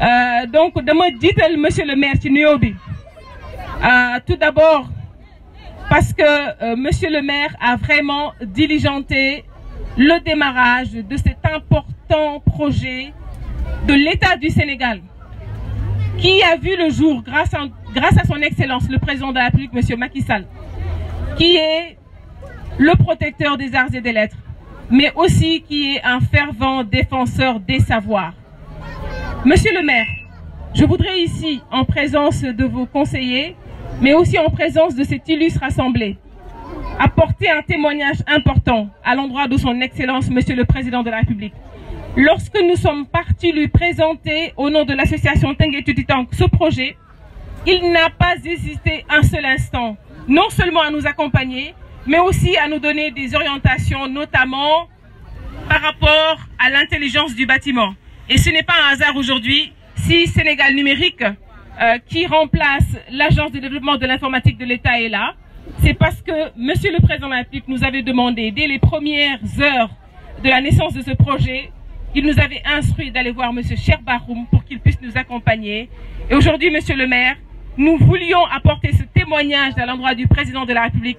Euh, donc dit elle monsieur le maire tu euh, tout d'abord parce que euh, monsieur le maire a vraiment diligenté le démarrage de cet important projet de l'État du Sénégal qui a vu le jour grâce à, grâce à son excellence le président de la République monsieur Macky Sall qui est le protecteur des arts et des lettres mais aussi qui est un fervent défenseur des savoirs. Monsieur le maire, je voudrais ici, en présence de vos conseillers, mais aussi en présence de cette illustre assemblée, apporter un témoignage important à l'endroit de son Excellence, Monsieur le Président de la République. Lorsque nous sommes partis lui présenter au nom de l'association Tengetutitang ce projet, il n'a pas hésité un seul instant, non seulement à nous accompagner, mais aussi à nous donner des orientations, notamment par rapport à l'intelligence du bâtiment. Et ce n'est pas un hasard aujourd'hui si Sénégal numérique, euh, qui remplace l'Agence de développement de l'informatique de l'État, est là. C'est parce que Monsieur le Président de la République nous avait demandé, dès les premières heures de la naissance de ce projet, qu'il nous avait instruit d'aller voir Monsieur Cherbaroum pour qu'il puisse nous accompagner. Et aujourd'hui, Monsieur le maire, nous voulions apporter ce témoignage à l'endroit du Président de la République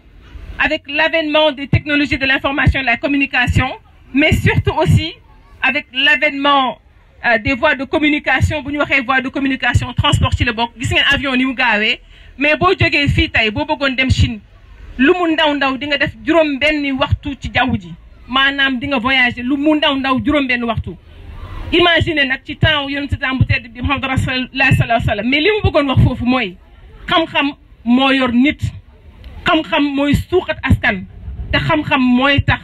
avec l'avènement des technologies de l'information et de la communication, mais surtout aussi avec l'avènement euh, des voies de communication bu ñu voies de communication transport ci la bokk un ngeen avion ni mu gaawee mais boo jógee fii tey boo bëggoon dem Chine lu mu ndaw ndaw di nga def juróom benni waxtu ci jaww ji di nga voyager lu mu ndaw ndaw juróom benn waxtu imagine nak ci temps yonent temps bu tedd bi Muhammad Rasulullah sallallahu alayhi mais limu mu bëggoon wax fofu moy xam-xam mo yor nit xam-xam mooy suuxat askan te xam-xam mooy tax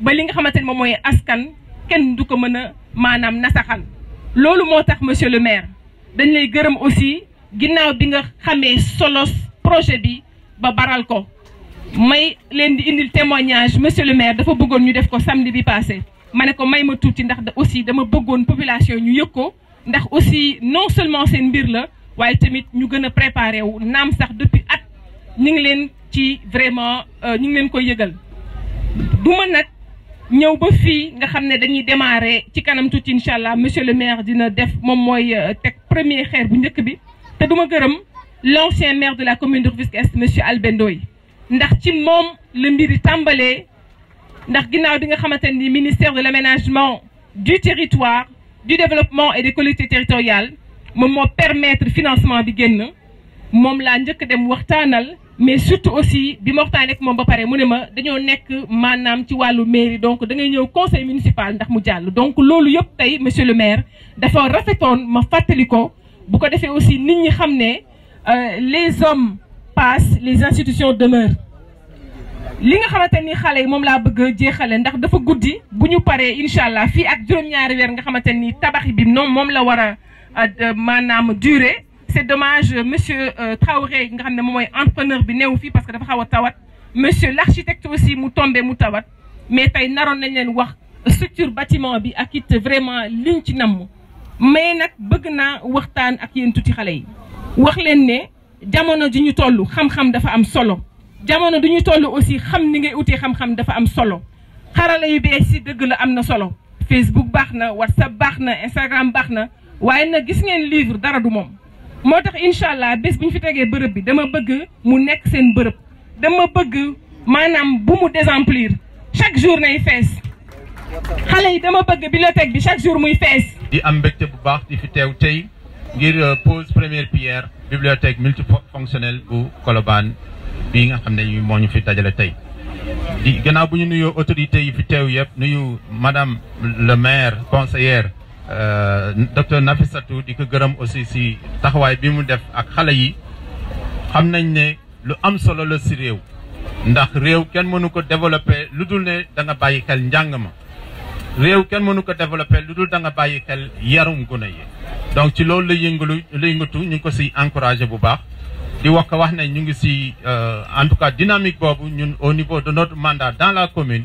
ba li nga xamante ne moom mooy askan kenn du ko mën a maanaam nasaxal loolu moo tax monsieur le maire dañ lay gërëm aussi ginnaaw bi nga xamee solos projet bi ba baral ko may leen di indil témoignage monsieur le maire dafa bëggoon ñu def ko samedi bi passé ma ne ko may ma tuuti ndax aussi dama bëggoon population ñu yëg ko ndax aussi non seulement seen mbir la waaye tamit ñu gën a préparé wu naam sax depuis at ñu ngi leen ci vraiment euh, ñu ngi leen koy yëgal duma ma nag ñëw ba fii nga xam ne dañuy démarrer ci kanam tuuti incha allah monsieur le maire dina def moom mooy euh, teg premier xeer bu njëkk bi te duma gërëm l'ancien maire de la commune de Rufisque Est monsieur albendoy ndax ci moom le mbiri tàmbalee ndax ginnaaw bi nga xamante ministère de l'aménagement du territoire du développement et des collectivités territoriales moom moo permettre financement bi génn moom laa njëkk dem waxtaanal mais surtout aussi bi ma waxtaan rek moom ba pare mu ne ma dañoo nekk maanaam ci wàllu mairie donc da ngay ñëw conseil municipal ndax mu jàll donc loolu yëpp tey monsieur le maire dafa rafetoon ma fàttali ko bu ko defee aussi nit ñi xam ne euh, les hommes passent les institutions demeurent li nga xamante ni xale yi moom laa bëgg a jeexale ndax dafa guddi bu ñu paree incha allah fii ak juróom-ñaari weer nga xamante ni tabax bi noonu moom la war a euh, maanaam c'est dommage euh, monsieur euh, Traoré nga moment entrepreneur bi néew fi parce que dafa xawa tawat monsieur l'architecte aussi mu tombé mu tawat mais tay naroon nañ len wax structure bâtiment bi ak it vraiment liñ ci nam mais nak bëgg naa waxtaan ak yeen tuuti xalé yi wax len né jamono ji ñu tollu xam-xam dafa am solo jamono du ñu aussi xam ni ngay outé xam-xam dafa am solo xarala yu bees ci dëgg la am solo Facebook baxna WhatsApp baxna instagram Instagram waye na gis ngeen livre dara du mom moo tax incha bés bu ñu fi tegee bërëb bi dama bëgg mu nekk seen bërëb dama bëgg maanaam bu mu désemplir chaque jour nay fees xale yi dama bëgg bibliothèque bi chaque jour muy fees. di am mbégte bu baax di fi teew tey ngir euh, pose première pierre bibliothèque multifonctionnelle bu Colobane bi nga xam ne moo ñu fi dajale tey. di gannaaw bu ñu nuyoo autorités yi fi teew yëpp nuyu madame le maire conseillère. Euh, docteur Nafissatou di ko gërëm aussi si taxawaay bi mu def ak xale yi xam nañ ne lu am solo la si réew ndax réew kenn mënu ko développé lu dul ne da nga bàyyi xel njàng ma réew kenn mënu ko développé lu dul da nga bàyyi xel yarum gune yi donc ci loolu la yëngalu la ñu ngi ko si encouragé bu baax di wax wax ne ñu ngi si euh, en tout cas dynamique boobu ñun au niveau de notre mandat dans la commune